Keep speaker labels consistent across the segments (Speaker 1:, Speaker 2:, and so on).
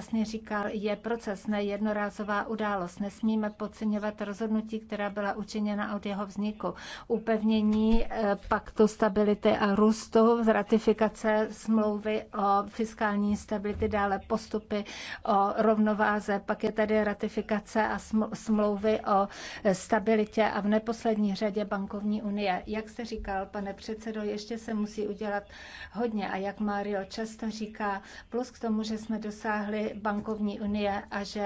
Speaker 1: jasně říkal, je proces, ne jednorázová událost. Nesmíme podceňovat rozhodnutí, která byla učiněna od jeho vzniku. Upevnění eh, paktu stability a růstu, ratifikace smlouvy o fiskální stability, dále postupy o rovnováze, pak je tady ratifikace a smlouvy o eh, stabilitě a v neposlední řadě bankovní unie. Jak jste říkal, pane předsedo, ještě se musí udělat hodně a jak Mario často říká, plus k tomu, že jsme dosáhli bankovní unie a že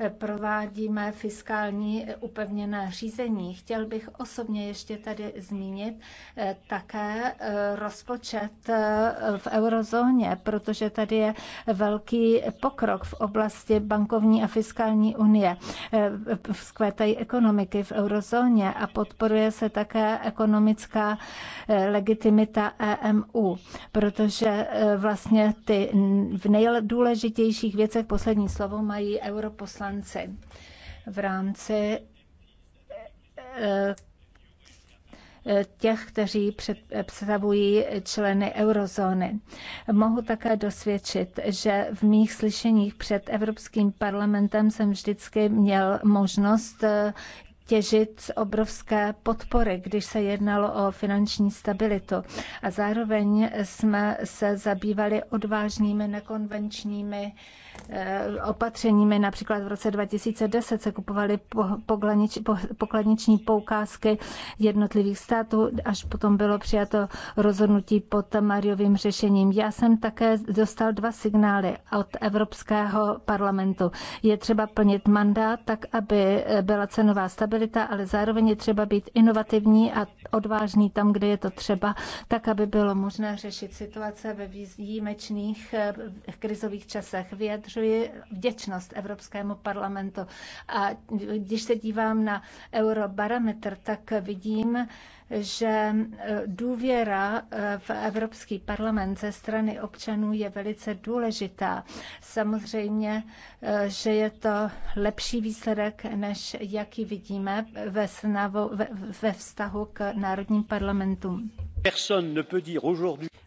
Speaker 1: eh, provádíme fiskální eh, upevněné řízení. Chtěl bych osobně ještě tady zmínit eh, také rozpočet v eurozóně, protože tady je velký pokrok v oblasti bankovní a fiskální unie. Vzkvétají ekonomiky v eurozóně a podporuje se také ekonomická legitimita EMU, protože vlastně ty v nejdůležitější nejdůležitějších věcech poslední slovo mají europoslanci v rámci eh, eh, těch, kteří eh, představují členy eurozóny. Mohu také dosvědčit, že v mých slyšeních před Evropským parlamentem jsem vždycky měl možnost těžit z obrovské podpory, když se jednalo o finanční stabilitu. A zároveň jsme se zabývali odvážnými nekonvenčními Eh, opatřeními. Například v roce 2010 se kupovaly pokladniční poukázky jednotlivých států, až potom bylo přijato rozhodnutí pod Mariovým řešením. Já jsem také dostal dva signály od Evropského parlamentu. Je třeba plnit mandát tak, aby byla cenová stabilita, ale zároveň je třeba být inovativní a odvážný tam, kde je to třeba, tak, aby bylo možné řešit situace ve výjimečných eh, krizových časech. Vyjadřuji vděčnost Evropskému parlamentu. A když se dívám na eurobarometr, tak vidím, že eh, důvěra eh, v Evropský parlament ze strany občanů je velice důležitá. Samozřejmě, eh, že je to lepší výsledek, než jaký vidíme
Speaker 2: ve, snavu, ve, ve vztahu k národním parlamentům.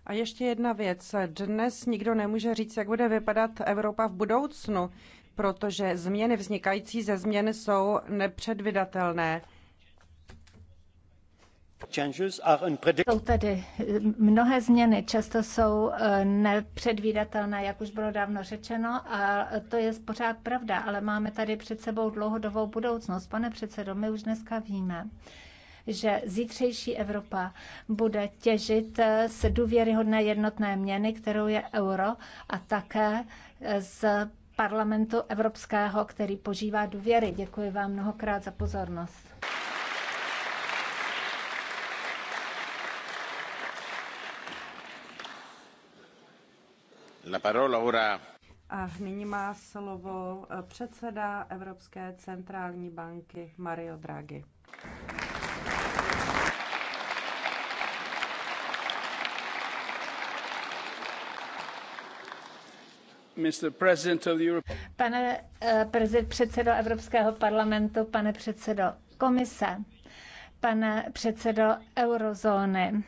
Speaker 2: A ještě jedna věc. Dnes nikdo nemůže říct, jak bude vypadat Evropa v budoucnu, protože změny vznikající ze změn jsou nepředvydatelné. Jsou tady
Speaker 1: mnohé změny, často jsou eh, nepředvídatelné, jak už bylo dávno řečeno, a to je pořád pravda, ale máme tady před sebou dlouhodobou budoucnost. Pane předsedo, my už dneska víme, že zítřejší Evropa bude těžit eh, z důvěryhodné jednotné měny, kterou je euro, a také eh, z parlamentu evropského, který požívá důvěry. Děkuji vám mnohokrát za pozornost.
Speaker 2: A nyní má slovo eh, předseda Evropské centrální banky Mario Draghi.
Speaker 1: Pane eh, předsedo Evropského parlamentu, pane předsedo komise, pane předsedo eurozóny,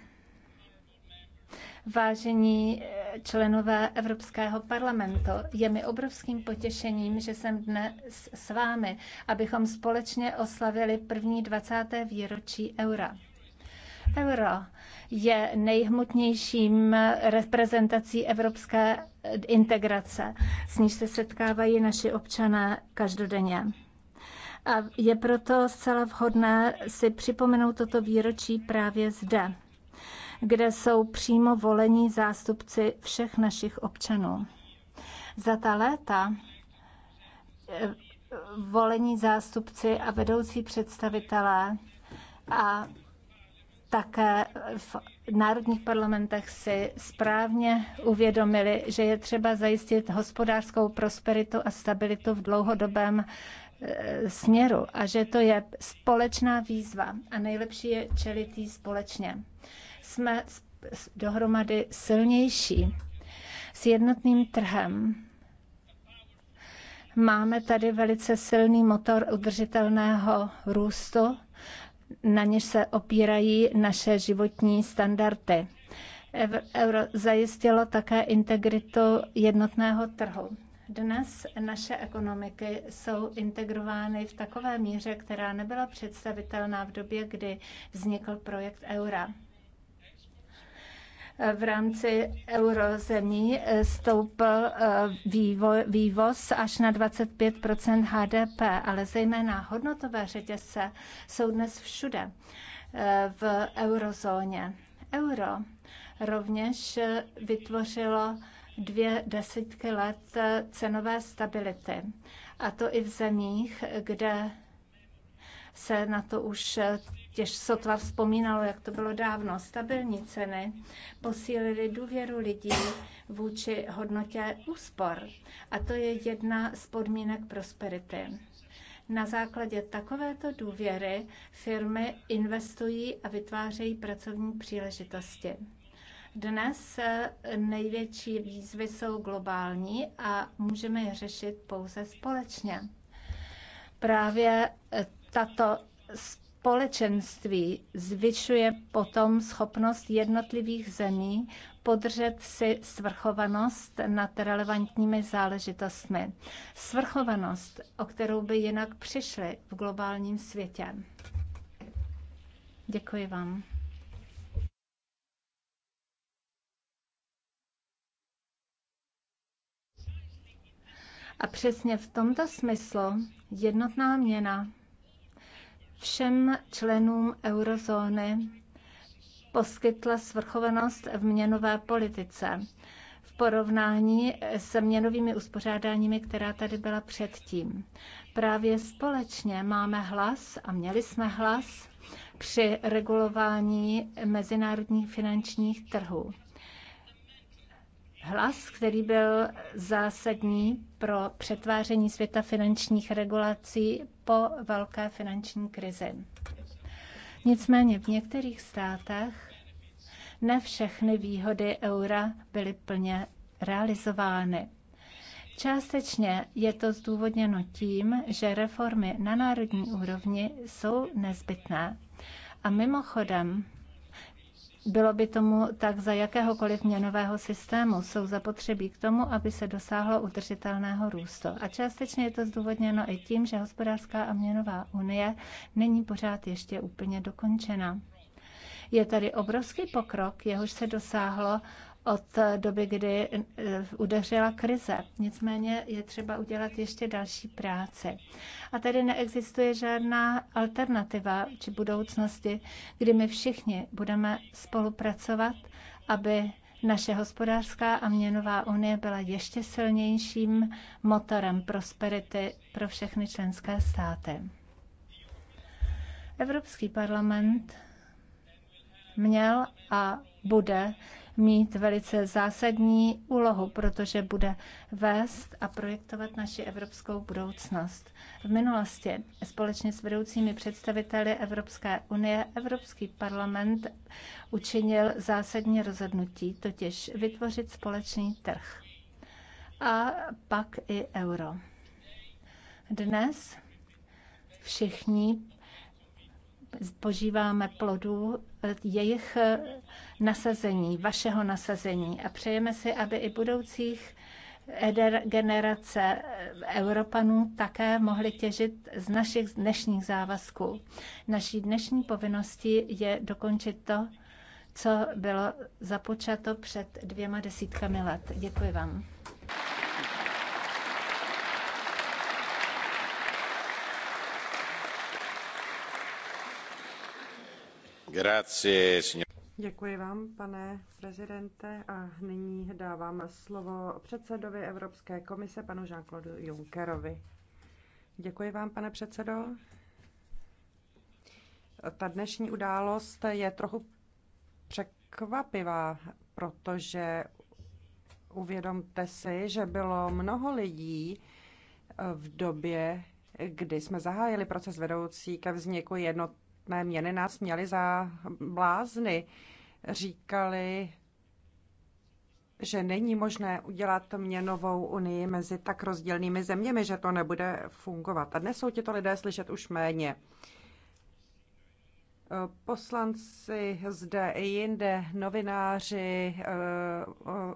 Speaker 1: vážení eh, členové Evropského parlamentu. Je mi obrovským potěšením, že jsem dnes s vámi, abychom společně oslavili první 20. výročí eura. Euro je nejhmotnějším reprezentací evropské integrace, s níž se setkávají naši občané každodenně. A je proto zcela vhodné si připomenout toto výročí právě zde kde jsou přímo volení zástupci všech našich občanů. Za ta léta eh, volení zástupci a vedoucí představitelé a také v národních parlamentech si správně uvědomili, že je třeba zajistit hospodářskou prosperitu a stabilitu v dlouhodobém eh, směru a že to je společná výzva a nejlepší je čelit jí společně jsme dohromady silnější s jednotným trhem. Máme tady velice silný motor udržitelného růstu, na něž se opírají naše životní standardy. Euro zajistilo také integritu jednotného trhu. Dnes naše ekonomiky jsou integrovány v takové míře, která nebyla představitelná v době, kdy vznikl projekt Eura v rámci eurozemí stoupl eh, vývoz až na 25 HDP, ale zejména hodnotové řetězce jsou dnes všude eh, v eurozóně. Euro rovněž vytvořilo dvě desítky let eh, cenové stability. A to i v zemích, kde se na to už těž sotva vzpomínalo, jak to bylo dávno. Stabilní ceny posílily důvěru lidí vůči hodnotě úspor. A to je jedna z podmínek prosperity. Na základě takovéto důvěry firmy investují a vytvářejí pracovní příležitosti. Dnes největší výzvy jsou globální a můžeme je řešit pouze společně. Právě tato společenství zvyšuje potom schopnost jednotlivých zemí podržet si svrchovanost nad relevantními záležitostmi. Svrchovanost, o kterou by jinak přišli v globálním světě. Děkuji vám. A přesně v tomto smyslu jednotná měna všem členům eurozóny poskytla svrchovanost v měnové politice v porovnání se měnovými uspořádáními, která tady byla předtím. Právě společně máme hlas a měli jsme hlas při regulování mezinárodních finančních trhů hlas, který byl zásadní pro přetváření světa finančních regulací po velké finanční krizi. Nicméně v některých státech ne všechny výhody eura byly plně realizovány. Částečně je to zdůvodněno tím, že reformy na národní úrovni jsou nezbytné. A mimochodem, bylo by tomu tak za jakéhokoliv měnového systému. Jsou zapotřebí k tomu, aby se dosáhlo udržitelného růstu. A částečně je to zdůvodněno i tím, že hospodářská a měnová unie není pořád ještě úplně dokončena. Je tady obrovský pokrok, jehož se dosáhlo od doby, kdy eh, udeřila krize. Nicméně je třeba udělat ještě další práci. A tady neexistuje žádná alternativa či budoucnosti, kdy my všichni budeme spolupracovat, aby naše hospodářská a měnová unie byla ještě silnějším motorem prosperity pro všechny členské státy. Evropský parlament měl a bude mít velice zásadní úlohu, protože bude vést a projektovat naši evropskou budoucnost. V minulosti společně s vedoucími představiteli Evropské unie Evropský parlament učinil zásadní rozhodnutí, totiž vytvořit společný trh a pak i euro. Dnes všichni požíváme plodů eh, jejich eh, nasazení, vašeho nasazení a přejeme si, aby i budoucích generace eh, Evropanů také mohly těžit z našich dnešních závazků. Naší dnešní povinností je dokončit to, co bylo započato před dvěma desítkami let. Děkuji vám.
Speaker 2: Děkuji vám, pane prezidente, a nyní dávám slovo předsedovi Evropské komise, panu Jean-Claude Junckerovi. Děkuji vám, pane předsedo. Ta dnešní událost je trochu překvapivá, protože uvědomte si, že bylo mnoho lidí eh, v době, kdy jsme zahájili proces vedoucí ke vzniku jednotného jednotné měny nás měli za blázny. Říkali, že není možné udělat měnovou unii mezi tak rozdílnými zeměmi, že to nebude fungovat. A dnes jsou těto lidé slyšet už méně. Poslanci zde i jinde, novináři, eh,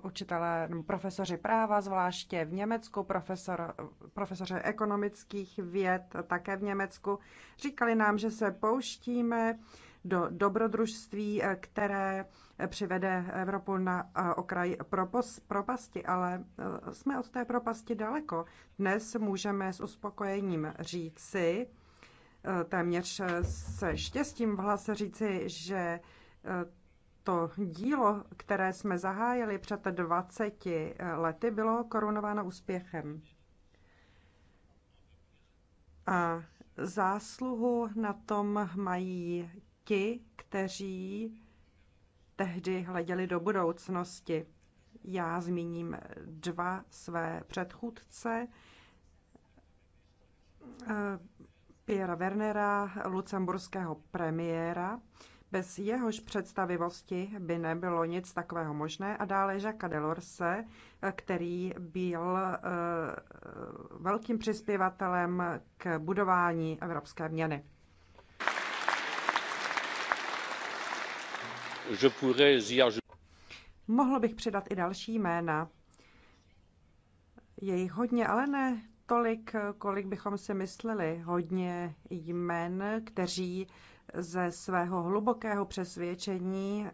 Speaker 2: učitelé, profesoři práva, zvláště v Německu, profesor, profesoři ekonomických věd také v Německu, říkali nám, že se pouštíme do dobrodružství, eh, které přivede Evropu na eh, okraj propos, propasti, ale jsme od té propasti daleko. Dnes můžeme s uspokojením říci, téměř se štěstím mohla se říci, že e, to dílo, které jsme zahájili před 20 e, lety, bylo korunováno úspěchem. A zásluhu na tom mají ti, kteří tehdy hleděli do budoucnosti. Já zmíním dva své předchůdce e, Piera Wernera, lucemburského premiéra. Bez jehož představivosti by nebylo nic takového možné. A dále Jacques Delorse, který byl eh, velkým přispěvatelem k budování evropské měny. Je pourrais Mohl bych přidat i další jména. Je jich hodně, ale ne tolik, kolik bychom si mysleli. Hodně jmen, kteří ze svého hlubokého přesvědčení eh,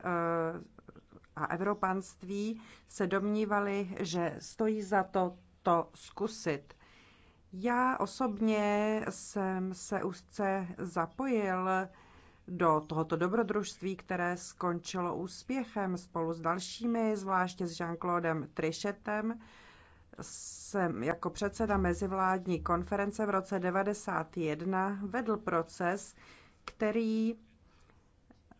Speaker 2: a evropanství se domnívali, že stojí za to to zkusit. Já osobně jsem se úzce zapojil do tohoto dobrodružství, které skončilo úspěchem spolu s dalšími, zvláště s Jean-Claudem Trichetem, jsem jako předseda mezivládní konference v roce 1991 vedl proces, který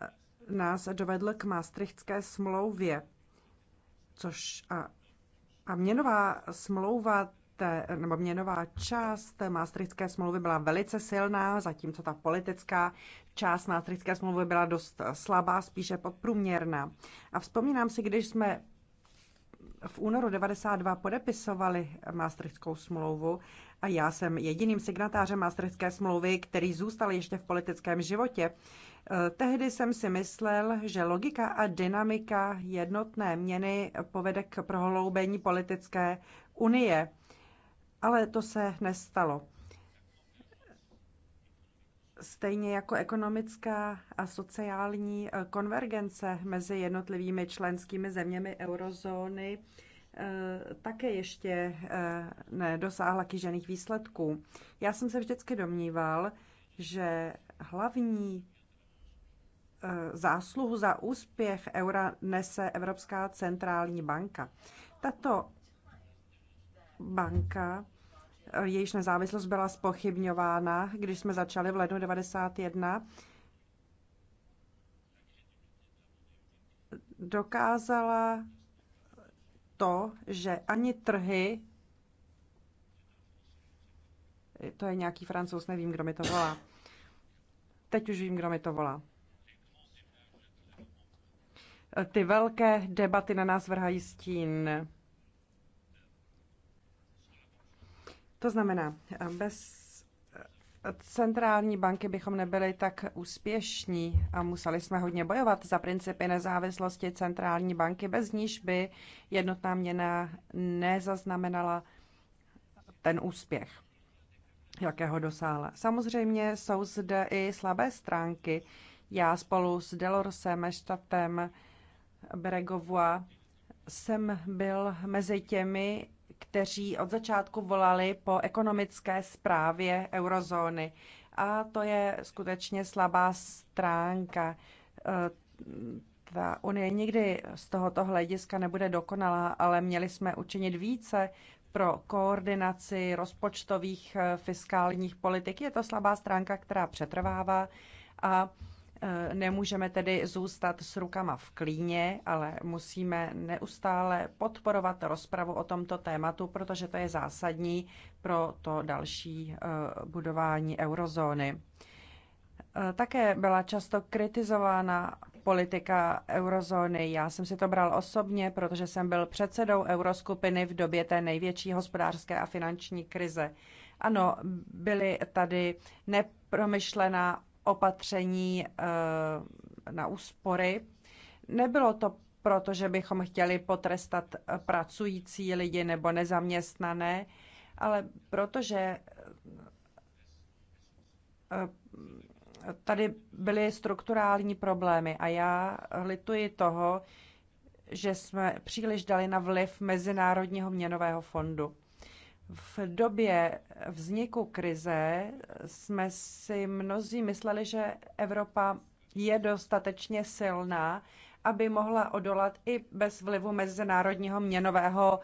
Speaker 2: eh, nás dovedl k Maastrichtské smlouvě, což a, a měnová smlouva té, nebo měnová část Maastrichtské smlouvy byla velice silná, zatímco ta politická část Maastrichtské smlouvy byla dost slabá, spíše podprůměrná. A vzpomínám si, když jsme v únoru 92 podepisovali Maastrichtskou smlouvu a já jsem jediným signatářem Maastrichtské smlouvy, který zůstal ještě v politickém životě. E, tehdy jsem si myslel, že logika a dynamika jednotné měny povede k prohloubení politické unie, ale to se nestalo stejně jako ekonomická a sociální eh, konvergence mezi jednotlivými členskými zeměmi eurozóny eh, také ještě eh, nedosáhla kýžených výsledků. Já jsem se vždycky domníval, že hlavní zásluhu za úspěch eura nese Evropská centrální banka. Tato banka jejíž nezávislost byla spochybňována, když jsme začali v lednu 91, dokázala to, že ani trhy, to je nějaký francouz, nevím, kdo mi to volá. Teď už vím, kdo mi to volá. Ty velké debaty na nás vrhají stín. To znamená, bez centrální banky bychom nebyli tak úspěšní a museli jsme hodně bojovat za principy nezávislosti centrální banky, bez níž by jednotná měna nezaznamenala ten úspěch, jakého dosáhla. Samozřejmě jsou zde i slabé stránky. Já spolu s Delorsem, Štatem, Bregovoa jsem byl mezi těmi, kteří od začátku volali po ekonomické zprávě eurozóny. A to je skutečně slabá stránka. E, ta Unie nikdy z tohoto hlediska nebude dokonalá, ale měli jsme učinit více pro koordinaci rozpočtových e, fiskálních politik. Je to slabá stránka, která přetrvává a Eh, nemůžeme tedy zůstat s rukama v klíně, ale musíme neustále podporovat rozpravu o tomto tématu, protože to je zásadní pro to další eh, budování eurozóny. Eh, také byla často kritizována politika eurozóny. Já jsem si to bral osobně, protože jsem byl předsedou euroskupiny v době té největší hospodářské a finanční krize. Ano, byly tady nepromyšlená opatření eh, na úspory. Nebylo to proto, že bychom chtěli potrestat eh, pracující lidi nebo nezaměstnané, ale protože eh, tady byly strukturální problémy a já lituji toho, že jsme příliš dali na vliv Mezinárodního měnového fondu. V době vzniku krize jsme si mnozí mysleli, že Evropa je dostatečně silná, aby mohla odolat i bez vlivu Mezinárodního měnového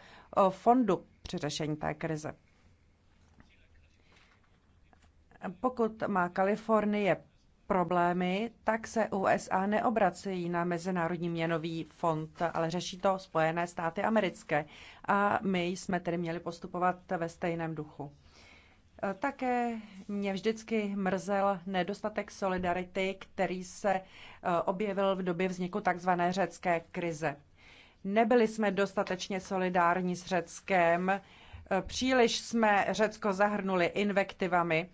Speaker 2: fondu při řešení té krize. Pokud má Kalifornie problémy, tak se USA neobracejí na Mezinárodní měnový fond, ale řeší to Spojené státy americké. A my jsme tedy měli postupovat ve stejném duchu. E, také mě vždycky mrzel nedostatek solidarity, který se e, objevil v době vzniku tzv. řecké krize. Nebyli jsme dostatečně solidární s Řeckem, e, příliš jsme Řecko zahrnuli invektivami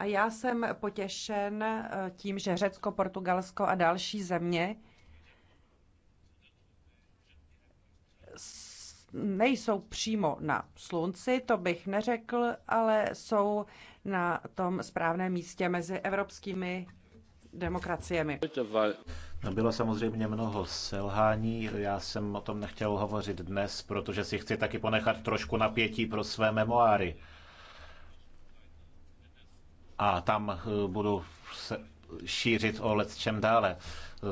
Speaker 2: A já jsem potěšen eh, tím, že Řecko, Portugalsko a další země nejsou přímo na slunci, to bych neřekl, ale jsou na tom správném místě mezi evropskými demokraciemi.
Speaker 3: No bylo samozřejmě mnoho selhání, já jsem o tom nechtěl hovořit dnes, protože si chci taky ponechat trošku napětí pro své memoáry a tam eh, budu se šířit o let čem dále. Eh,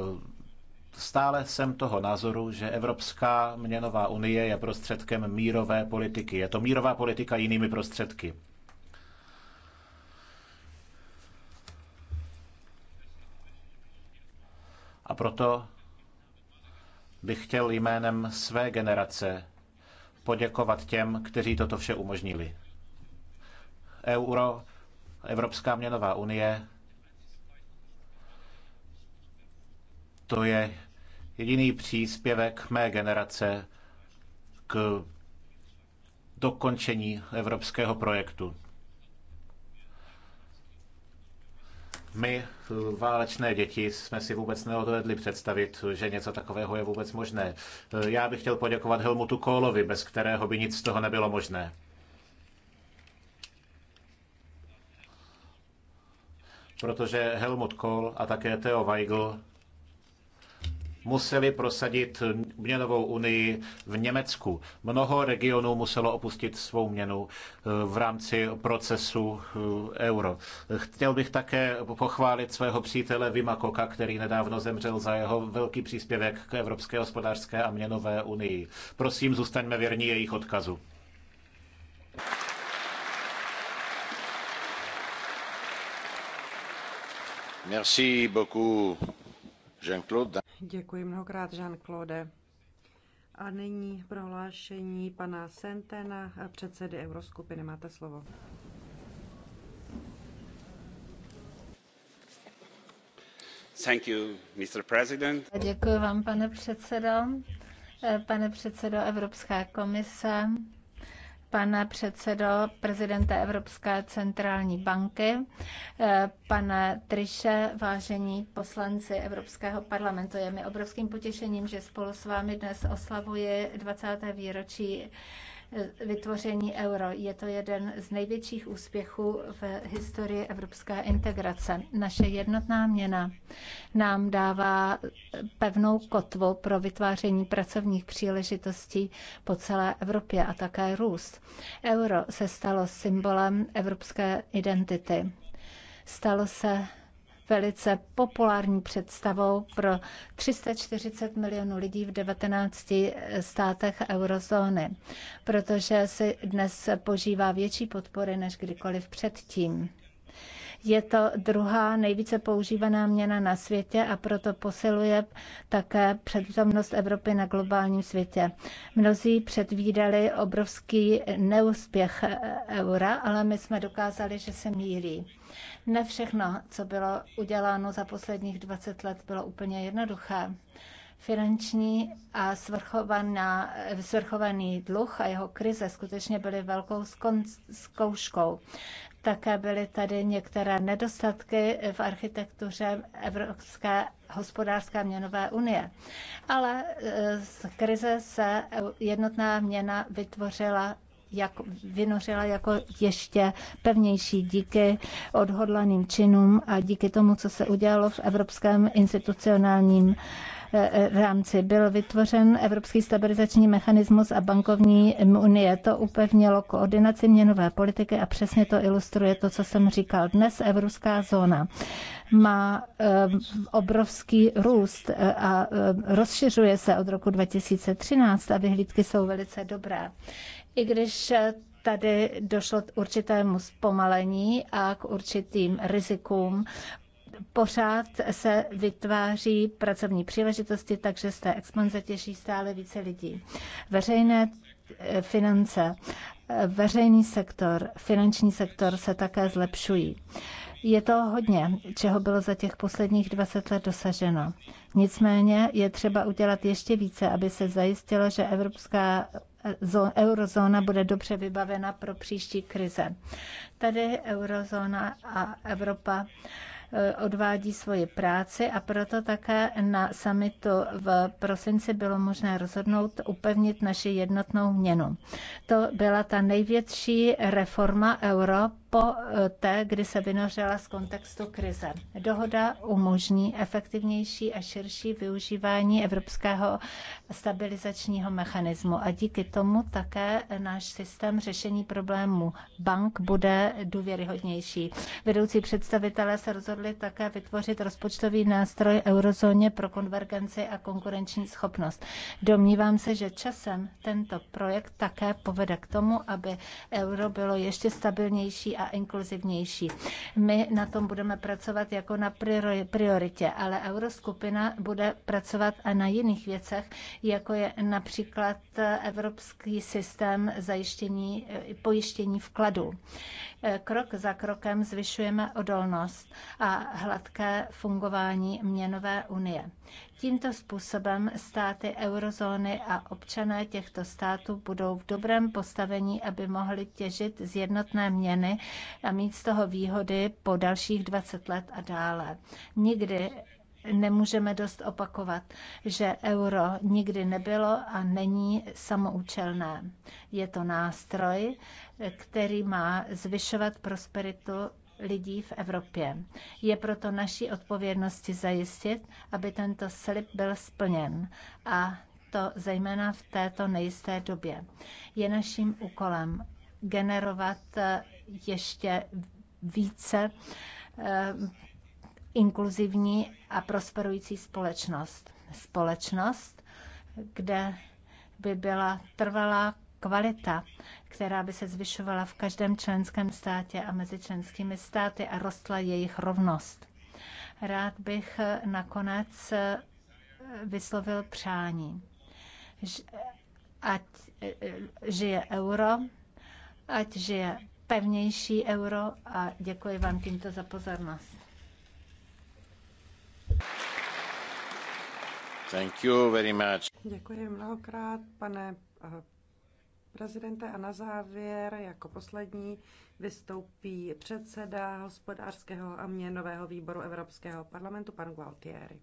Speaker 3: stále jsem toho názoru, že Evropská měnová unie je prostředkem mírové politiky. Je to mírová politika jinými prostředky. A proto bych chtěl jménem své generace poděkovat těm, kteří toto vše umožnili. Euro Evropská měnová unie, to je jediný příspěvek mé generace k dokončení evropského projektu. My, válečné děti, jsme si vůbec neodvedli představit, že něco takového je vůbec možné. Já bych chtěl poděkovat Helmutu Kohlovi, bez kterého by nic z toho nebylo možné. protože Helmut Kohl a také Theo Weigl museli prosadit měnovou unii v Německu. Mnoho regionů muselo opustit svou měnu eh, v rámci procesu eh, euro. Chtěl bych také pochválit svého přítele Vima Koka, který nedávno zemřel za jeho velký příspěvek k Evropské hospodářské a měnové unii. Prosím, zůstaňme věrní jejich odkazu.
Speaker 2: Děkuji mnohokrát, Jean-Claude. A nyní prohlášení pana Sentena, předsedy Euroskupiny. Máte slovo.
Speaker 3: Thank you, Mr. President.
Speaker 1: Děkuji vám, pane předsedo. Eh, pane předsedo Evropská komise, pane předsedo prezidenta Evropské centrální banky, eh, pane Triše, vážení poslanci Evropského parlamentu. Je mi obrovským potěšením, že spolu s vámi dnes oslavuji 20. výročí vytvoření euro. Je to jeden z největších úspěchů v historii evropské integrace. Naše jednotná měna nám dává pevnou kotvu pro vytváření pracovních příležitostí po celé Evropě a také růst. Euro se stalo symbolem evropské identity. Stalo se velice populární představou pro 340 milionů lidí v 19 státech eurozóny, protože si dnes požívá větší podpory než kdykoliv předtím. Je to druhá nejvíce používaná měna na světě a proto posiluje také přítomnost Evropy na globálním světě. Mnozí předvídali obrovský neúspěch eura, ale my jsme dokázali, že se mílí. Ne všechno, co bylo uděláno za posledních 20 let, bylo úplně jednoduché finanční a svrchovaný dluh a jeho krize skutečně byly velkou zkouškou. Také byly tady některé nedostatky v architektuře Evropské hospodářské měnové unie. Ale e, z krize se e, jednotná měna vytvořila jak vynořila jako ještě pevnější díky odhodlaným činům a díky tomu, co se udělalo v Evropském institucionálním eh, eh, rámci byl vytvořen Evropský stabilizační mechanismus a bankovní unie. To upevnilo koordinaci měnové politiky a přesně to ilustruje to, co jsem říkal. Dnes Evropská zóna má eh, obrovský růst a rozšiřuje se od roku 2013 a vyhlídky jsou velice dobré i když tady došlo k určitému zpomalení a k určitým rizikům, pořád se vytváří pracovní příležitosti, takže z té expanze těší stále více lidí. Veřejné eh, finance, veřejný sektor, finanční sektor se také zlepšují. Je to hodně, čeho bylo za těch posledních 20 let dosaženo. Nicméně je třeba udělat ještě více, aby se zajistilo, že Evropská eurozóna bude dobře vybavena pro příští krize. Tady eurozóna a Evropa e, odvádí svoji práci a proto také na samitu v prosinci bylo možné rozhodnout upevnit naši jednotnou měnu. To byla ta největší reforma Evropy po eh, té, kdy se vynořila z kontextu krize. Dohoda umožní efektivnější a širší využívání evropského stabilizačního mechanismu a díky tomu také náš systém řešení problémů bank bude důvěryhodnější. Vedoucí představitelé se rozhodli také vytvořit rozpočtový nástroj eurozóně pro konvergenci a konkurenční schopnost. Domnívám se, že časem tento projekt také povede k tomu, aby euro bylo ještě stabilnější a inkluzivnější. My na tom budeme pracovat jako na prioritě, ale Euroskupina bude pracovat a na jiných věcech, jako je například evropský systém zajištění, pojištění vkladů. Krok za krokem zvyšujeme odolnost a hladké fungování měnové unie. Tímto způsobem státy eurozóny a občané těchto států budou v dobrém postavení, aby mohli těžit z jednotné měny a mít z toho výhody po dalších 20 let a dále. Nikdy nemůžeme dost opakovat, že euro nikdy nebylo a není samoučelné. Je to nástroj, který má zvyšovat prosperitu lidí v Evropě. Je proto naší odpovědnosti zajistit, aby tento slib byl splněn a to zejména v této nejisté době. Je naším úkolem generovat eh, ještě více eh, inkluzivní a prosperující společnost. Společnost, kde by byla trvalá kvalita, která by se zvyšovala v každém členském státě a mezi členskými státy a rostla jejich rovnost. Rád bych nakonec vyslovil přání, ať žije euro, ať žije pevnější euro a děkuji vám tímto za pozornost.
Speaker 3: Thank you very much.
Speaker 2: Děkuji mnohokrát, pane eh, prezidente a na závěr jako poslední vystoupí předseda hospodářského a měnového výboru Evropského parlamentu pan Gualtieri.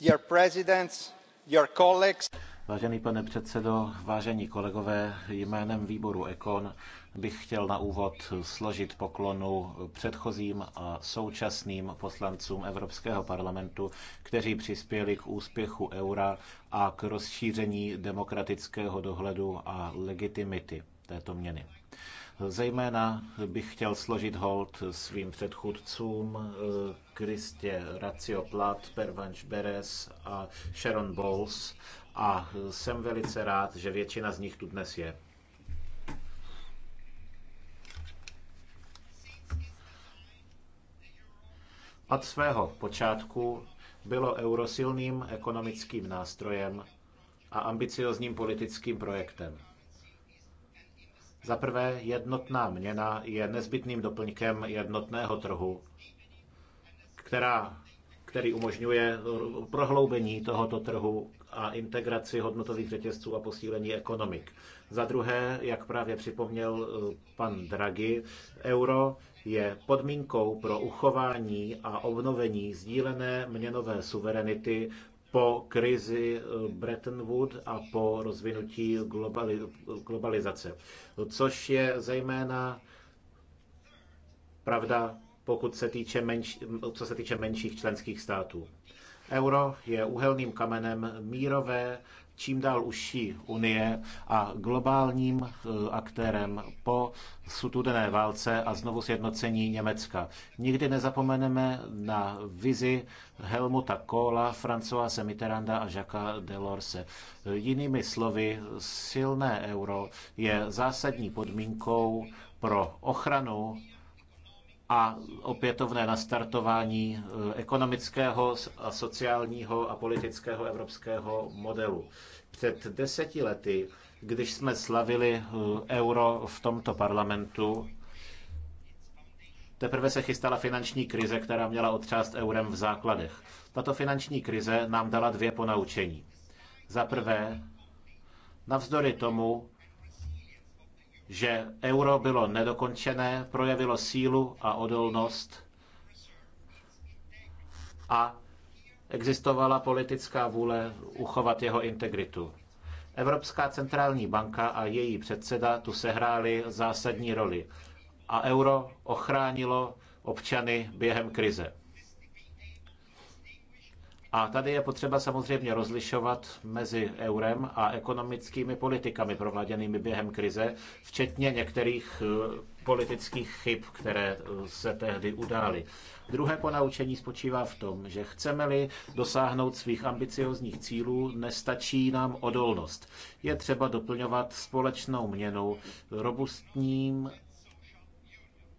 Speaker 2: Dear presidents, your colleagues.
Speaker 3: Vážený pane předsedo, vážení kolegové, jménem výboru Ekon bych chtěl na úvod složit poklonu předchozím a současným poslancům Evropského parlamentu, kteří přispěli k úspěchu eura a k rozšíření demokratického dohledu a legitimity této měny. Zejména bych chtěl složit hold svým předchůdcům Kristě eh, Racioplat, Plat, Pervanš Beres a Sharon Bowles a jsem velice rád, že většina z nich tu dnes je. Od svého počátku bylo euro silným ekonomickým nástrojem a ambiciozním politickým projektem. Za prvé, jednotná měna je nezbytným doplňkem jednotného trhu, která, který umožňuje prohloubení tohoto trhu a integraci hodnotových řetězců a posílení ekonomik. Za druhé, jak právě připomněl eh, pan Draghi, euro je podmínkou pro uchování a obnovení sdílené měnové suverenity po krizi eh, Bretton Woods a po rozvinutí globalizace. Což je zejména pravda, pokud se týče menš, co se týče menších členských států. Euro je uhelným kamenem mírové, čím dál užší unie a globálním eh, aktérem po sutudené válce a znovu sjednocení Německa. Nikdy nezapomeneme na vizi Helmuta Kohla, Francoise Mitterranda a Jacques Delorse. Jinými slovy, silné euro je zásadní podmínkou pro ochranu a opětovné nastartování eh, ekonomického, a sociálního a politického evropského modelu. Před deseti lety, když jsme slavili eh, euro v tomto parlamentu, teprve se chystala finanční krize, která měla otřást eurem v základech. Tato finanční krize nám dala dvě ponaučení. Za prvé, navzdory tomu, že euro bylo nedokončené, projevilo sílu a odolnost a existovala politická vůle uchovat jeho integritu. Evropská centrální banka a její předseda tu sehráli zásadní roli a euro ochránilo občany během krize. A tady je potřeba samozřejmě rozlišovat mezi eurem a ekonomickými politikami prováděnými během krize, včetně některých eh, politických chyb, které eh, se tehdy udály. Druhé ponaučení spočívá v tom, že chceme-li dosáhnout svých ambiciozních cílů, nestačí nám odolnost. Je třeba doplňovat společnou měnu robustním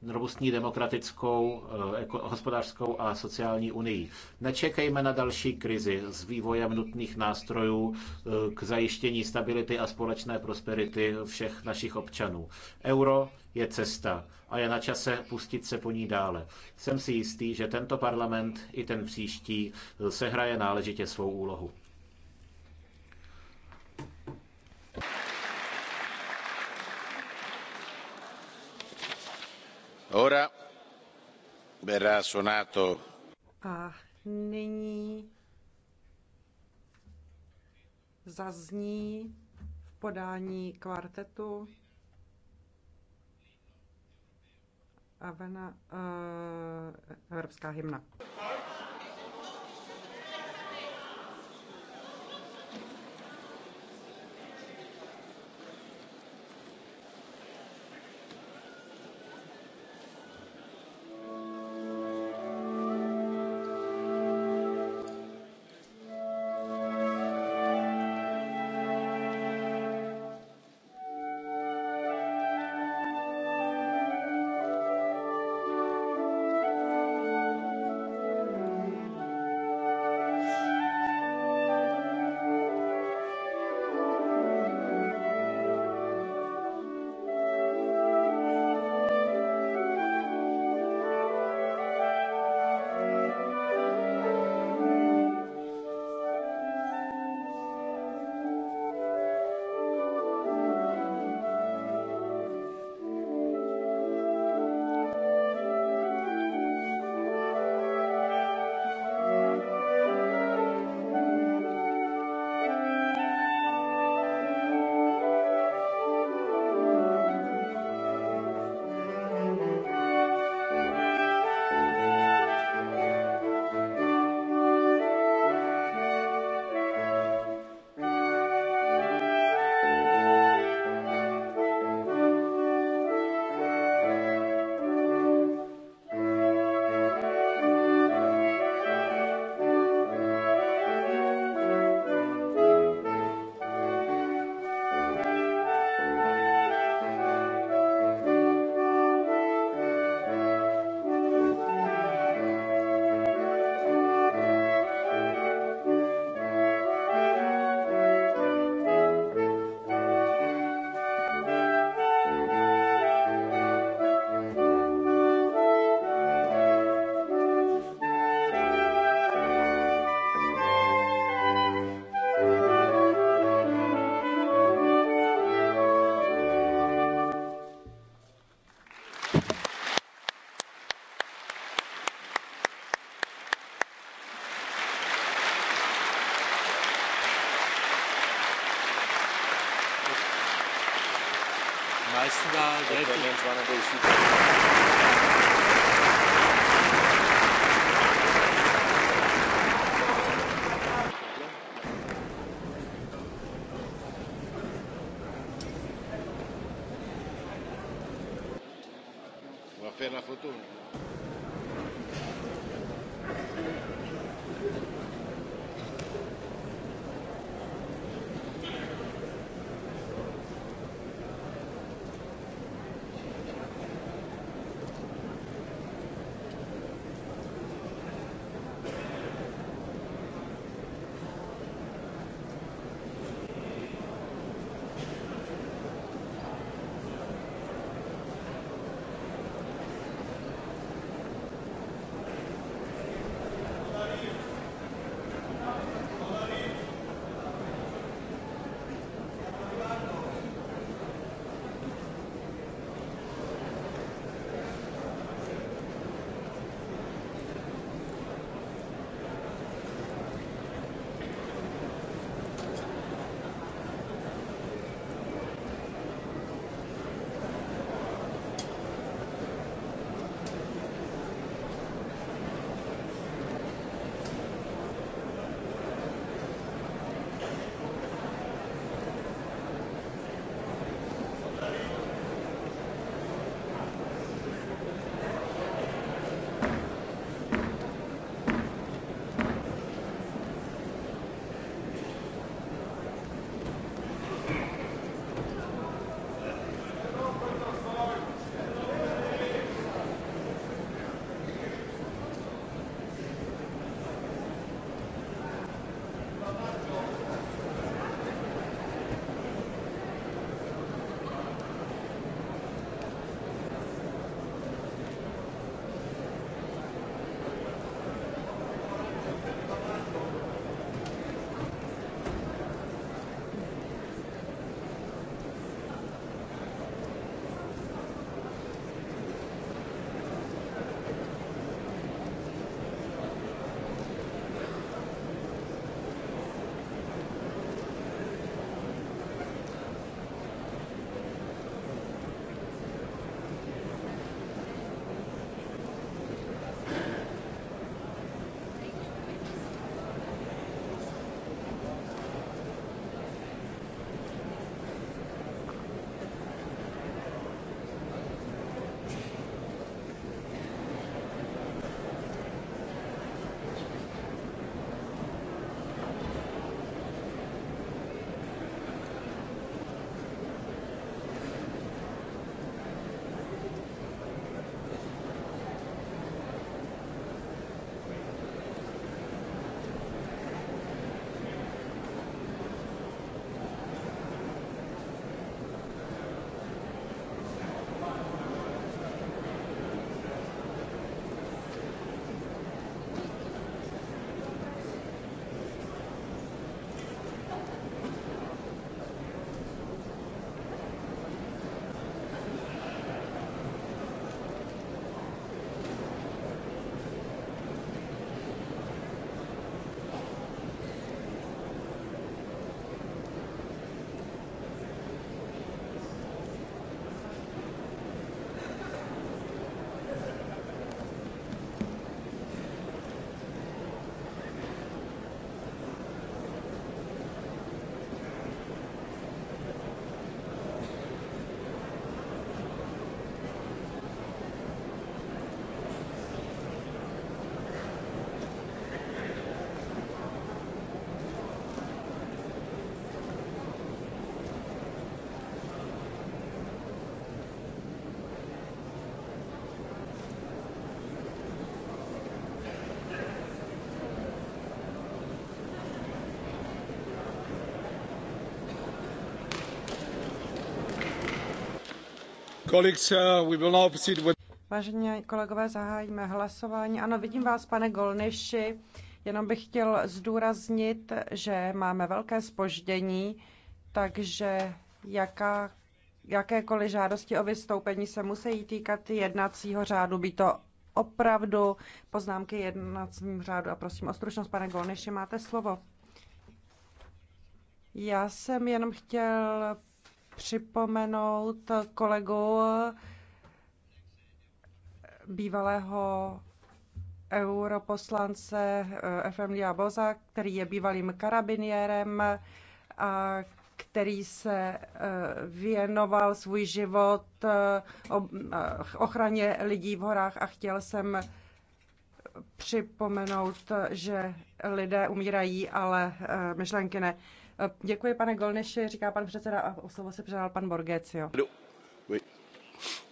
Speaker 3: robustní demokratickou, eh, hospodářskou a sociální unii. Nečekejme na další krizi s vývojem nutných nástrojů eh, k zajištění stability a společné prosperity všech našich občanů. Euro je cesta a je na čase pustit se po ní dále. Jsem si jistý, že tento parlament i ten příští eh, sehraje náležitě svou úlohu.
Speaker 2: A nyní zazní v podání kvartetu Avena, eh, evropská hymna.
Speaker 3: leisten da sehr viel. Uh,
Speaker 2: Vážení kolegové, zahájíme hlasování. Ano, vidím vás, pane Golniši. Jenom bych chtěl zdůraznit, že máme velké spoždění, takže jaká, jakékoliv žádosti o vystoupení se musí týkat jednacího řádu. Být to opravdu poznámky jednacím řádu. A prosím o stručnost, pane Golniši, máte slovo. Já jsem jenom chtěl připomenout kolegu bývalého europoslance eh, FM Diaboza, který je bývalým karabiniérem a který se eh, věnoval svůj život eh, ochraně lidí v horách a chtěl jsem připomenout, že lidé umírají, ale myšlenky ne. Eh, děkuji, pane Golniši, říká pan předseda a o slovo se předal pan Borgecio.
Speaker 3: Oui.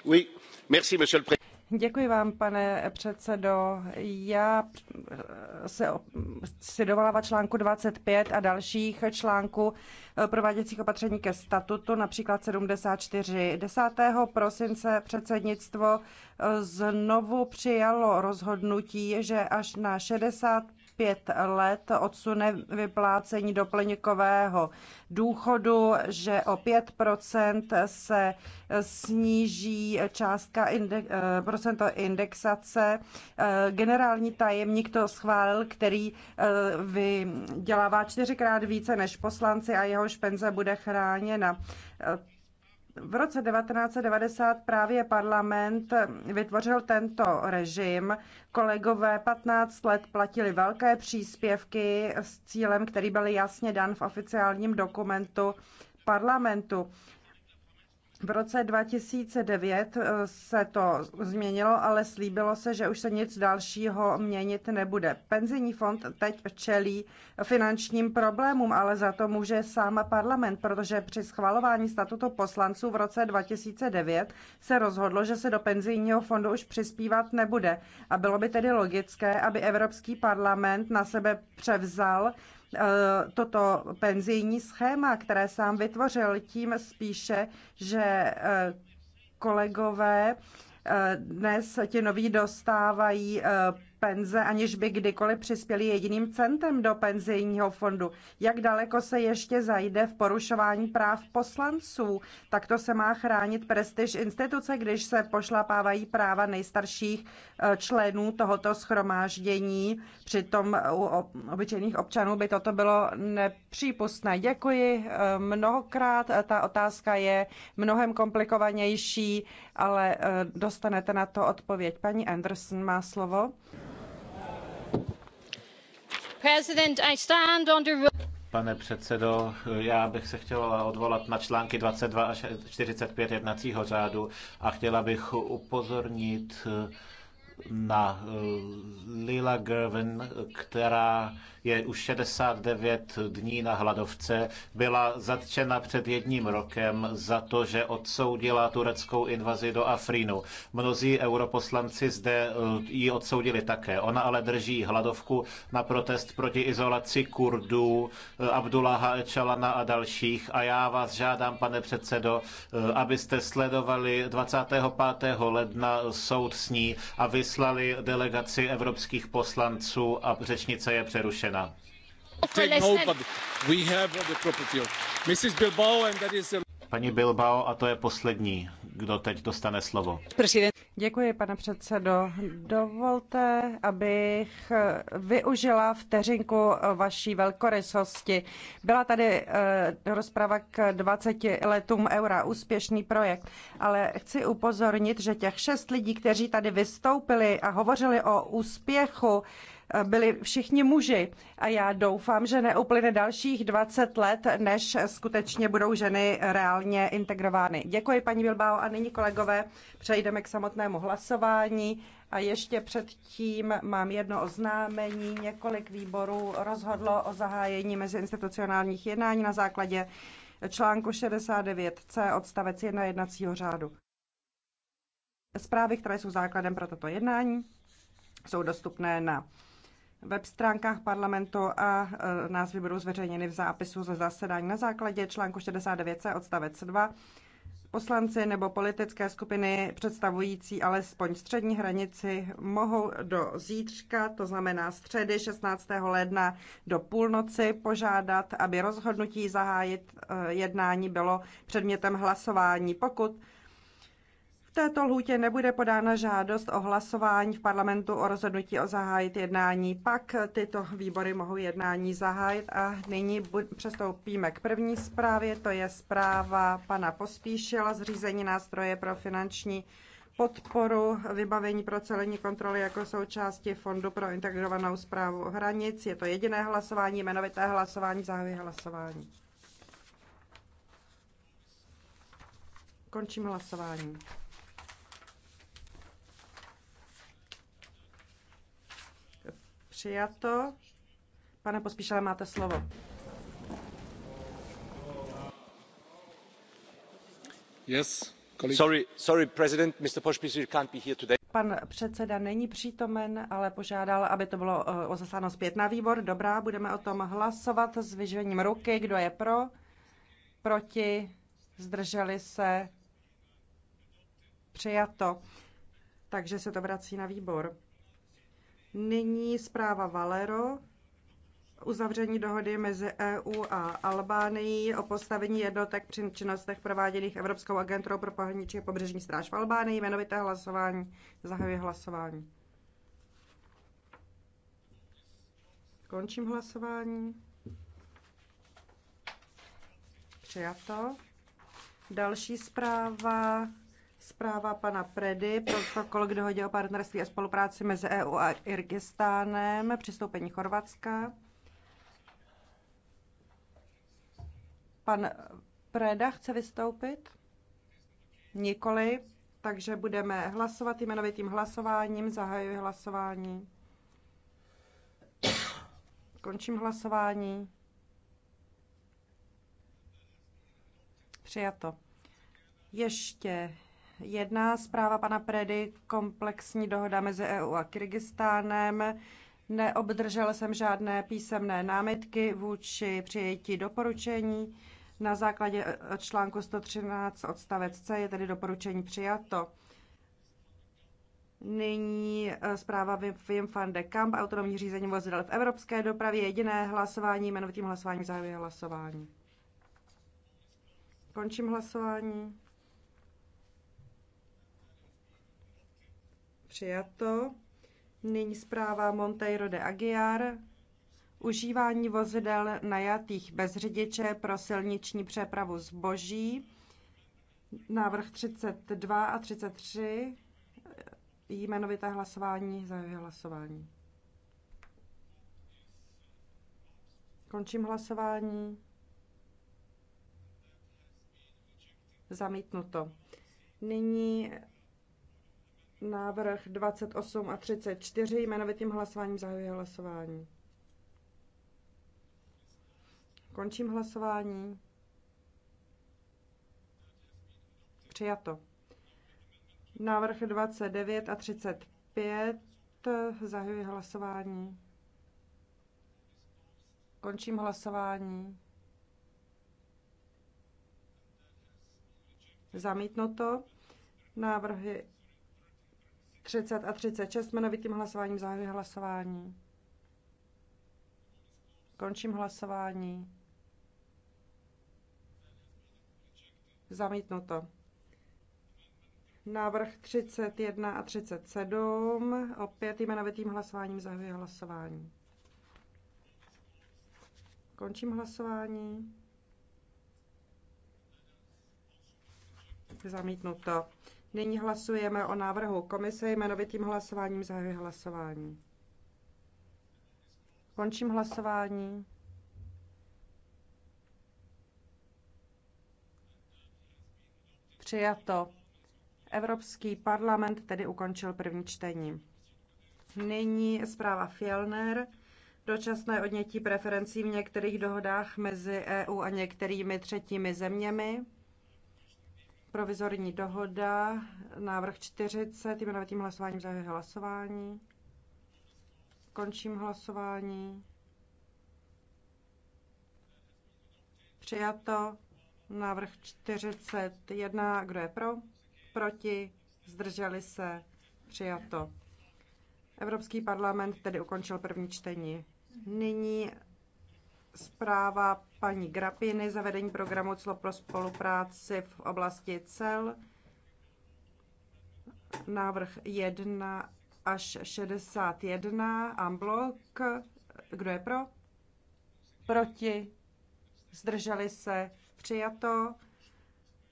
Speaker 3: Oui. Merci, monsieur le président.
Speaker 2: Děkuji vám, pane předsedo. Já eh, se, si dovolává článku 25 a dalších článků eh, prováděcích opatření ke statutu, například 74. 10. prosince předsednictvo znovu přijalo rozhodnutí, že až na 60 pět let odsune vyplácení doplňkového důchodu, že o 5 se sníží částka index, eh, procento indexace. Eh, generální tajemník to schválil, který eh, vydělává čtyřikrát více než poslanci a jehož penze bude chráněna. V roce 1990 právě parlament vytvořil tento režim. Kolegové 15 let platili velké příspěvky s cílem, který byl jasně dan v oficiálním dokumentu parlamentu. V roce 2009 eh, se to změnilo, ale slíbilo se, že už se nic dalšího měnit nebude. Penzijní fond teď čelí finančním problémům, ale za to může sám parlament, protože při schvalování statutu poslanců v roce 2009 se rozhodlo, že se do penzijního fondu už přispívat nebude. A bylo by tedy logické, aby Evropský parlament na sebe převzal Eh, toto penzijní schéma, které sám vytvořil, tím spíše, že eh, kolegové eh, dnes ti noví dostávají penze, aniž by kdykoliv přispěli jediným centem do penzijního fondu. Jak daleko se ještě zajde v porušování práv poslanců? Takto se má chránit prestiž instituce, když se pošlapávají práva nejstarších eh, členů tohoto schromáždění. Přitom u obyčejných občanů by toto bylo nepřípustné. Děkuji eh, mnohokrát. Eh, ta otázka je mnohem komplikovanější, ale dostanete na to odpověď. Paní Anderson má slovo.
Speaker 3: Pane předsedající, já bych se chtěla odvolat na články 22 až 45 jednacího řádu a chtěla bych upozornit na eh, Lila Gervin, která je už 69 dní na hladovce, byla zatčena před jedním rokem za to, že odsoudila tureckou invazi do Afrínu. Mnozí europoslanci zde eh, ji odsoudili také. Ona ale drží hladovku na protest proti izolaci Kurdů, eh, Abdullaha Ečalana a dalších. A já vás žádám, pane předsedo, abyste sledovali 25. ledna soud s ní a vy vyslali delegaci evropských poslanců a řečnice je přerušena. Paní Bilbao, a to je poslední, kdo teď dostane slovo.
Speaker 2: Děkuji, pane předsedo. Dovolte, abych využila vteřinku vaší velkorysosti. Byla tady eh, rozprava k 20 letům eura, úspěšný projekt, ale chci upozornit, že těch šest lidí, kteří tady vystoupili a hovořili o úspěchu, byli všichni muži. A já doufám, že neuplyne dalších 20 let, než skutečně budou ženy reálně integrovány. Děkuji, paní Bilbao. A nyní, kolegové, přejdeme k samotnému hlasování. A ještě předtím mám jedno oznámení. Několik výborů rozhodlo o zahájení meziinstitucionálních jednání na základě článku 69c odstavec 1 jednacího řádu. Zprávy, které jsou základem pro toto jednání, jsou dostupné na web stránkách parlamentu a e, názvy budou zveřejněny v zápisu ze zasedání na základě článku 69c odstavec 2. Poslanci nebo politické skupiny představující alespoň střední hranici mohou do zítřka, to znamená středy 16. ledna do půlnoci, požádat, aby rozhodnutí zahájit e, jednání bylo předmětem hlasování. Pokud v této lhůtě nebude podána žádost o hlasování v parlamentu o rozhodnutí o zahájit jednání. Pak tyto výbory mohou jednání zahájit a nyní přestoupíme k první zprávě. To je zpráva pana Pospíšila zřízení nástroje pro finanční podporu vybavení pro celní kontroly jako součásti Fondu pro integrovanou zprávu hranic. Je to jediné hlasování, jmenovité hlasování, zahájí hlasování. Končím hlasování. Přijato. Pane pospíšele, máte slovo. Yes, sorry, sorry, President, Mr. Pospíšil can't be here today. Pan předseda není přítomen, ale požádal, aby to bylo eh, zasláno zpět na výbor. Dobrá, budeme o tom hlasovat s vyžvením ruky. Kdo je pro? Proti? Zdrželi se? Přijato. Takže se to vrací na výbor. Nyní zpráva Valero, uzavření dohody mezi EU a Albánií o postavení jednotek při činnostech prováděných Evropskou agenturou pro pohraniční a pobřežní stráž v Albánii, jmenovité hlasování, Zahajuji hlasování. Končím hlasování. Přijato. Další zpráva Zpráva pana Predy, protokol k dohodě o partnerství a spolupráci mezi EU a Irgistánem, přistoupení Chorvatska. Pan Preda chce vystoupit? Nikoli, takže budeme hlasovat jmenovitým hlasováním. Zahajuji hlasování. Končím hlasování. Přijato. Ještě Jedna zpráva pana Predy, komplexní dohoda mezi EU a Kyrgyzstánem. Neobdržel jsem žádné písemné námitky vůči přijetí doporučení. Na základě článku 113 odstavec C je tedy doporučení přijato. Nyní eh, zpráva Wim van de Kamp, autonomní řízení vozidel v evropské dopravě, jediné hlasování, jmenovitým hlasováním zahajuje hlasování. Končím hlasování. Přijato. Nyní zpráva Monteiro de Aguiar. Užívání vozidel najatých bez řidiče pro silniční přepravu zboží. Návrh 32 a 33. Jmenovité hlasování, zahajuje hlasování. Končím hlasování. Zamítnuto. Nyní Návrh 28 a 34 jmenovitým hlasováním zahajuji hlasování. Končím hlasování. Přijato. Návrh 29 a 35 zahajuji hlasování. Končím hlasování. Zamítnuto. Návrhy 30 a 36 jmenovitým hlasováním zahajuji hlasování. Končím hlasování. Zamítnuto. Návrh 31 a 37. Opět jmenovitým hlasováním zahajuji hlasování. Končím hlasování. Zamítnuto. Nyní hlasujeme o návrhu komise jmenovitým hlasováním. Zahajuji hlasování. Končím hlasování. Přijato. Evropský parlament tedy ukončil první čtení. Nyní zpráva Fjellner Dočasné odnětí preferencí v některých dohodách mezi EU a některými třetími zeměmi. Provizorní dohoda, návrh 40, jmenovitým hlasováním zahajuji hlasování. Končím hlasování. Přijato. Návrh 41. Kdo je pro? Proti? Zdrželi se? Přijato. Evropský parlament tedy ukončil první čtení. Nyní Zpráva paní Grapiny, zavedení programu CLO pro spolupráci v oblasti cel. Návrh 1 až 61 amblok. Kdo je pro? Proti? Zdrželi se? Přijato.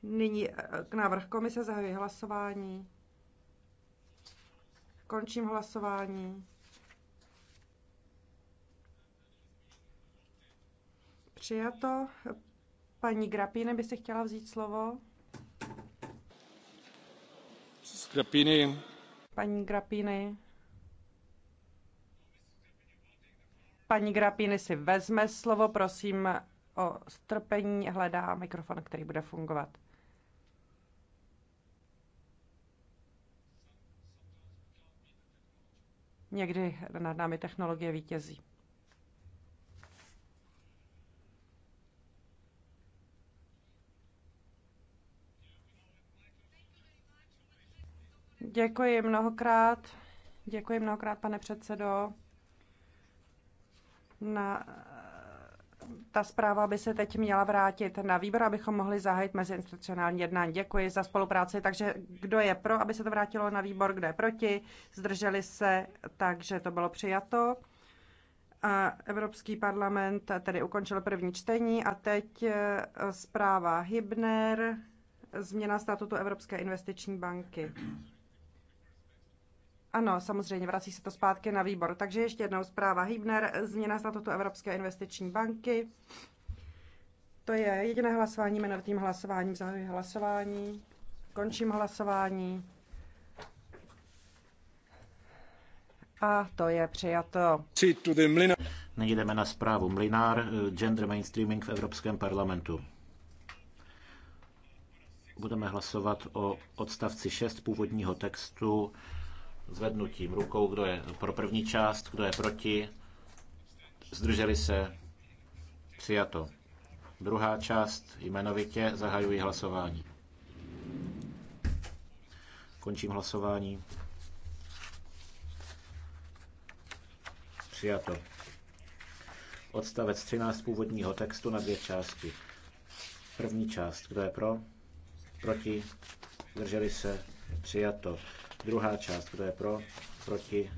Speaker 2: Nyní eh, k návrh komise zahajuji hlasování. Končím hlasování. Přijato. Paní Grapíny by si chtěla vzít slovo. Z Grapíny. Paní Grapíny. Paní Grapíny si vezme slovo, prosím o strpení, hledá mikrofon, který bude fungovat. Někdy nad námi technologie vítězí. Děkuji mnohokrát. Děkuji mnohokrát, pane předsedo. Na, ta zpráva by se teď měla vrátit na výbor, abychom mohli zahájit meziinstitucionální jednání. Děkuji za spolupráci. Takže kdo je pro, aby se to vrátilo na výbor, kdo je proti? Zdrželi se, takže to bylo přijato. A Evropský parlament tedy ukončil první čtení a teď eh, zpráva Hybner, změna statutu Evropské investiční banky. Ano, samozřejmě, vrací se to zpátky na výbor. Takže ještě jednou zpráva Hybner, změna statutu Evropské investiční banky. To je jediné hlasování jmenovitým hlasováním. Zahajuji hlasování, končím hlasování. A to je přijato.
Speaker 3: Nyní jdeme na zprávu Mlinár, eh, gender mainstreaming v Evropském parlamentu. Budeme hlasovat o odstavci 6 původního textu zvednutím rukou, kdo je pro první část, kdo je proti, zdrželi se, přijato. Druhá část jmenovitě zahajuji hlasování. Končím hlasování. Přijato. Odstavec 13 původního textu na dvě části. První část, kdo je pro? Proti? zdrželi se? Přijato. Druhá část, kdo je pro, proti.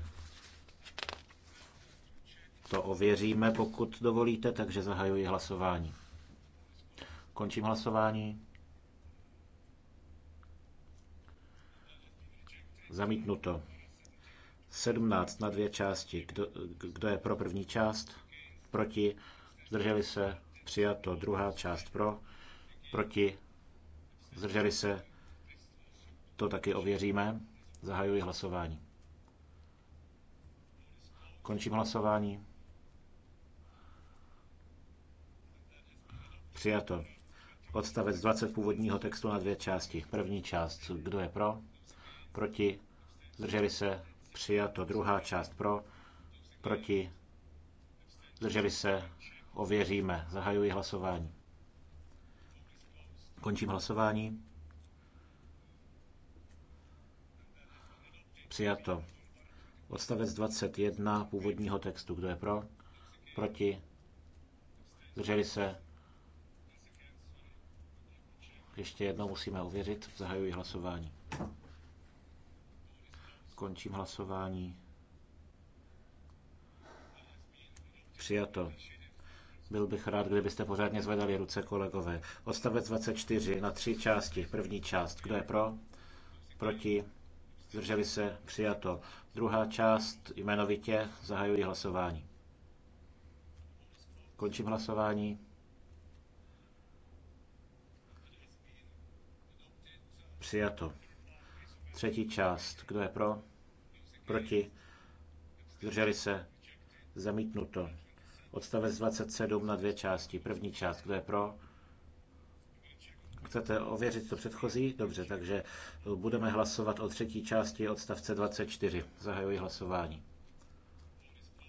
Speaker 3: To ověříme, pokud dovolíte, takže zahajuji hlasování. Končím hlasování. Zamítnuto. 17 na dvě části. Kdo, kdo je pro první část? Proti? Zdrželi se? Přijato. Druhá část pro? Proti? Zdrželi se? To taky ověříme. Zahajuji hlasování. Končím hlasování. Přijato. Odstavec 20 původního textu na dvě části. První část, kdo je pro, proti, zdrželi se, přijato. Druhá část pro, proti, zdrželi se, ověříme. Zahajuji hlasování. Končím hlasování. Přijato. Odstavec 21 původního textu. Kdo je pro? Proti? Zdrželi se? Ještě jednou musíme uvěřit. Zahajuji hlasování. Končím hlasování. Přijato. Byl bych rád, kdybyste pořádně zvedali ruce, kolegové. Odstavec 24 na tři části. První část. Kdo je pro? Proti? zdrželi se, přijato. Druhá část jmenovitě zahajuji hlasování. Končím hlasování. Přijato. Třetí část. Kdo je pro? Proti? Zdrželi se? Zamítnuto. Odstavec 27 na dvě části. První část. Kdo je pro? Chcete ověřit to předchozí? Dobře, takže budeme hlasovat o třetí části odstavce 24. Zahajuji hlasování.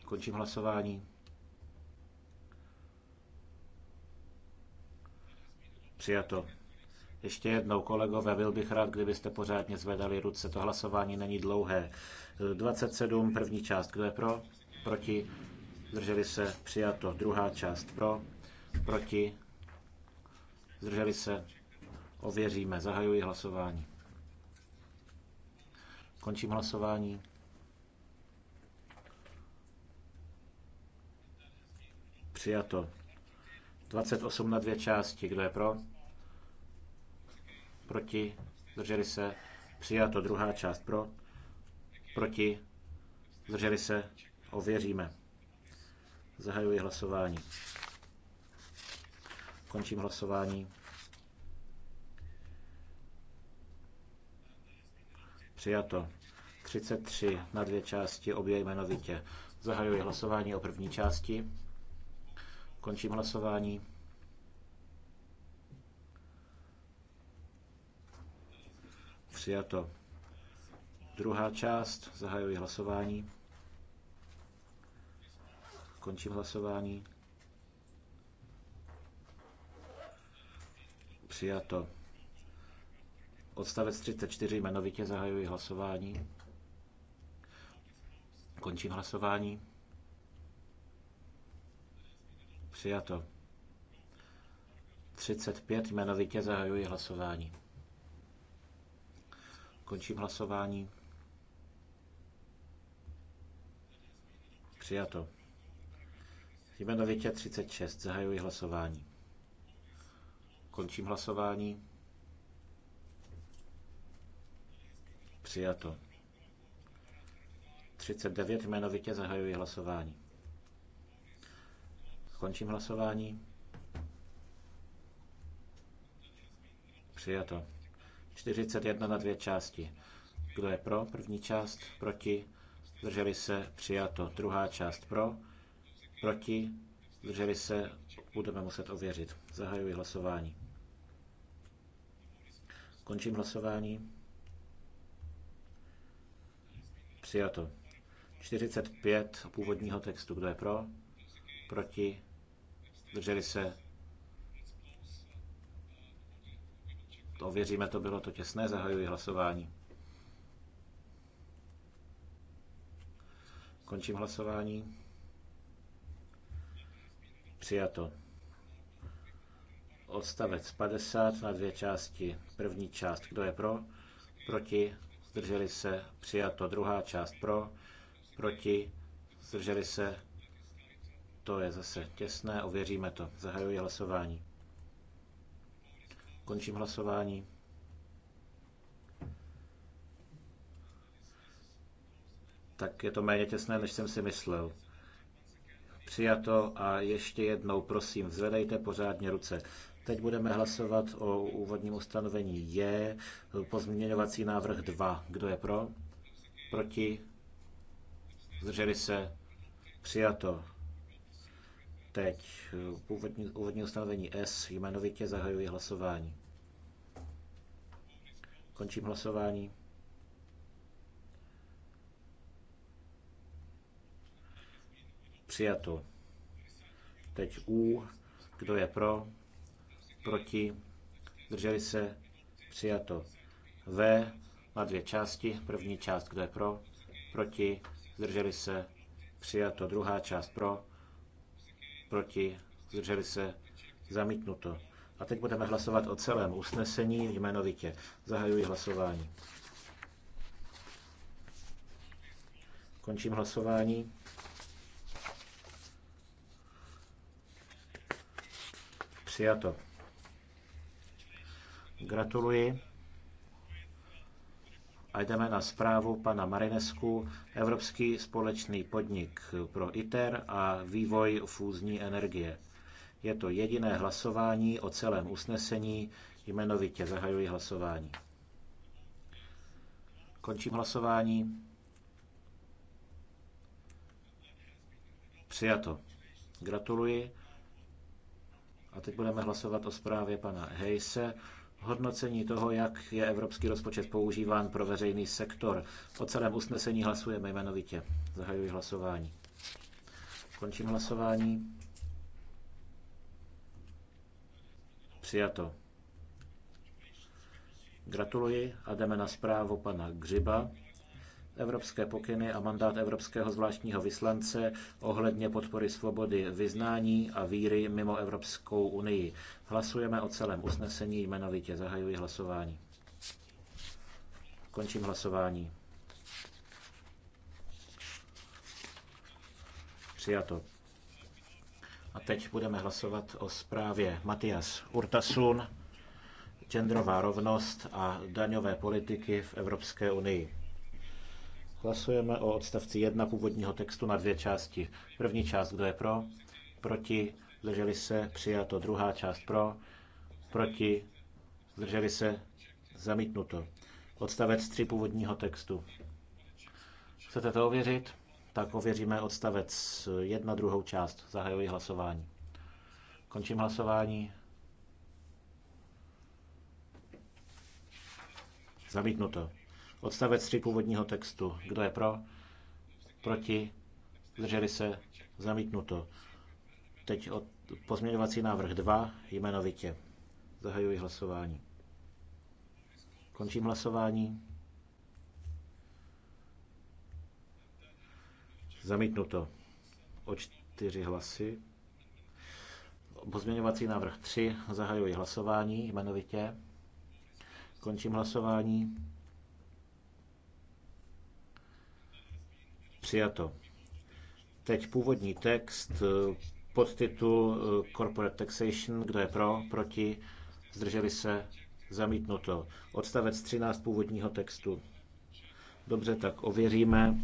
Speaker 3: Končím hlasování. Přijato. Ještě jednou, kolegové, byl bych rád, kdybyste pořádně zvedali ruce. To hlasování není dlouhé. 27, první část. Kdo je pro? Proti? Zdrželi se? Přijato. Druhá část. Pro? Proti? Zdrželi se? Ověříme. Zahajuji hlasování. Končím hlasování. Přijato. 28 na dvě části. Kdo je pro? Proti? Zdrželi se? Přijato. Druhá část pro? Proti? Zdrželi se? Ověříme. Zahajuji hlasování. Končím hlasování. Přijato. 33 na dvě části, obě jmenovitě. Zahajuji hlasování o první části. Končím hlasování. Přijato. Druhá část, zahajuji hlasování. Končím hlasování. Přijato. Odstavec 34 jmenovitě zahajuji hlasování. Končím hlasování. Přijato. 35 jmenovitě zahajuji hlasování. Končím hlasování. Přijato. Jmenovitě 36 zahajuji hlasování. Končím hlasování. Přijato. 39 jmenovitě zahajuji hlasování. Končím hlasování. Přijato. 41 na dvě části. Kdo je pro? První část. Proti. Zdrželi se. Přijato. Druhá část pro. Proti. Zdrželi se. Budeme muset ověřit. Zahajuji hlasování. Končím hlasování. Přijato. 45 původního textu. Kdo je pro? Proti? Drželi se? To věříme, to bylo to těsné. Zahajuji hlasování. Končím hlasování. Přijato. Odstavec 50 na dvě části. První část. Kdo je pro? Proti? zdrželi se, přijato. Druhá část pro, proti, zdrželi se, to je zase těsné, ověříme to. Zahajuji hlasování. Končím hlasování. Tak je to méně těsné, než jsem si myslel. Přijato a ještě jednou, prosím, zvedejte pořádně ruce. Teď budeme hlasovat o úvodním ustanovení J, pozměňovací návrh 2. Kdo je pro? Proti? Zdrželi se? Přijato. Teď úvodní, úvodní ustanovení S, jmenovitě zahajuji hlasování. Končím hlasování. Přijato. Teď U, kdo je pro? proti, zdrželi se, přijato. V na dvě části, první část, kdo je pro, proti, zdrželi se, přijato. Druhá část pro, proti, zdrželi se, zamítnuto. A teď budeme hlasovat o celém usnesení jmenovitě. Zahajuji hlasování. Končím hlasování. Přijato. Gratuluji. A jdeme na zprávu pana Marinesku, Evropský společný podnik pro ITER a vývoj fúzní energie. Je to jediné hlasování o celém usnesení, jmenovitě zahajuji hlasování. Končím hlasování. Přijato. Gratuluji. A teď budeme hlasovat o zprávě pana Hejse hodnocení toho, jak je evropský rozpočet používán pro veřejný sektor. O celém usnesení hlasujeme jmenovitě. Zahajuji hlasování. Končím hlasování. Přijato. Gratuluji a jdeme na zprávu pana Gřiba evropské pokyny a mandát evropského zvláštního vyslance ohledně podpory svobody vyznání a víry mimo Evropskou unii. Hlasujeme o celém usnesení jmenovitě. Zahajuji hlasování. Končím hlasování. Přijato. A teď budeme hlasovat o zprávě Matias Urtasun, genderová rovnost a daňové politiky v Evropské unii. Hlasujeme o odstavci 1 původního textu na dvě části. První část, kdo je pro, proti, zdrželi se, přijato. Druhá část pro, proti, zdrželi se, zamítnuto. Odstavec 3 původního textu. Chcete to ověřit? Tak ověříme odstavec 1 druhou část. Zahajuji hlasování. Končím hlasování. Zamítnuto. Odstavec 3 původního textu. Kdo je pro? Proti? Zdrželi se? Zamítnuto. Teď od pozměňovací návrh 2 jmenovitě. Zahajuji hlasování. Končím hlasování. Zamítnuto. O čtyři hlasy. Pozměňovací návrh 3. Zahajuji hlasování jmenovitě. Končím hlasování. Přijato. Teď původní text eh, podtitul eh, Corporate Taxation, kdo je pro, proti, zdrželi se, zamítnuto. Odstavec 13 původního textu. Dobře, tak ověříme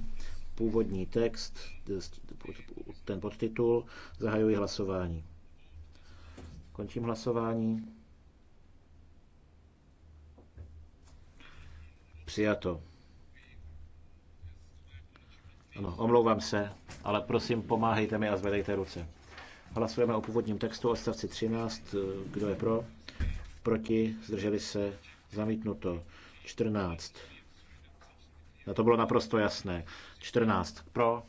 Speaker 3: původní text, eh, ten podtitul, zahajuji hlasování. Končím hlasování. Přijato. Ano, omlouvám se, ale prosím, pomáhejte mi a zvedejte ruce. Hlasujeme o původním textu odstavci 13. Kdo je pro? Proti? Zdrželi se? Zamítnuto. 14. A no, to bylo naprosto jasné. 14. Pro?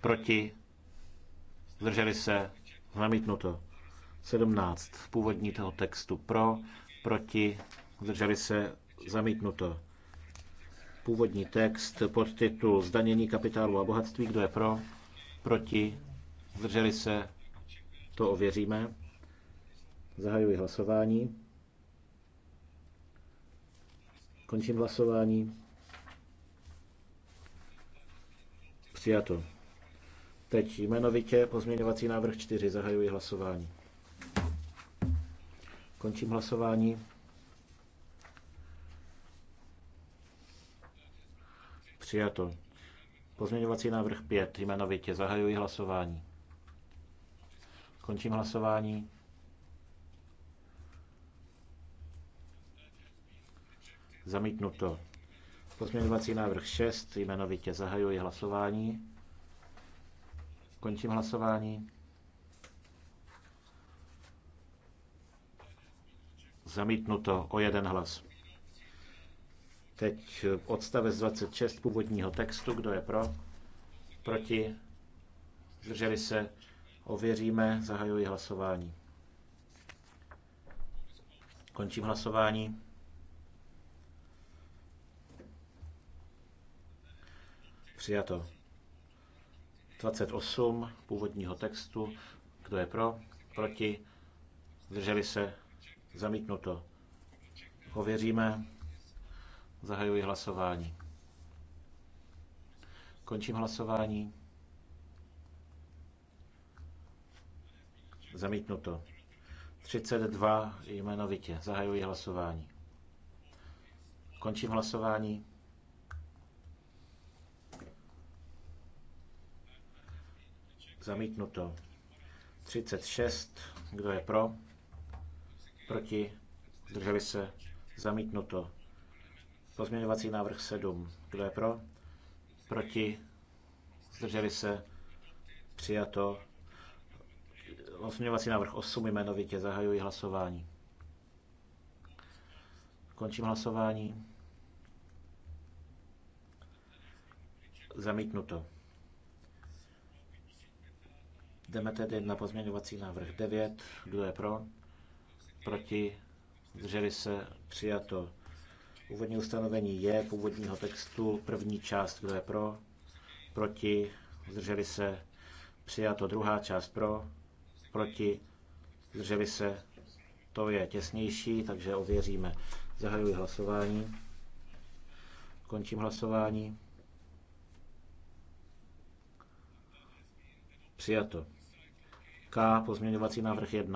Speaker 3: Proti? Zdrželi se? Zamítnuto. 17. Původní toho textu pro? Proti? Zdrželi se? Zamítnuto původní text pod titul Zdanění kapitálu a bohatství. Kdo je pro? Proti? Zdrželi se? To ověříme. Zahajuji hlasování. Končím hlasování. Přijato. Teď jmenovitě pozměňovací návrh 4. Zahajuji hlasování. Končím hlasování. Přijato. Pozměňovací návrh 5. Jmenovitě zahajuji hlasování. Končím hlasování. Zamítnuto. Pozměňovací návrh 6. Jmenovitě zahajuji hlasování. Končím hlasování. Zamítnuto o jeden hlas. Teď odstavec 26 původního textu, kdo je pro, proti, zdrželi se, ověříme, zahajuji hlasování. Končím hlasování. Přijato. 28 původního textu. Kdo je pro? Proti? Zdrželi se? Zamítnuto. Ověříme. Zahajuji hlasování. Končím hlasování. Zamítnuto. 32 jmenovitě. Zahajuji hlasování. Končím hlasování. Zamítnuto. 36. Kdo je pro? Proti? Zdrželi se? Zamítnuto. Pozměňovací návrh 7. Kdo je pro? Proti? Zdrželi se? Přijato. Pozměňovací návrh 8 jmenovitě. Zahajuji hlasování. Končím hlasování. Zamítnuto. Jdeme tedy na pozměňovací návrh 9. Kdo je pro? Proti? Zdrželi se? Přijato. Úvodní ustanovení je původního textu. První část, kdo je pro, proti, zdrželi se, přijato. Druhá část pro, proti, zdrželi se. To je těsnější, takže ověříme. Zahajuji hlasování. Končím hlasování. Přijato. K. Pozměňovací návrh 1.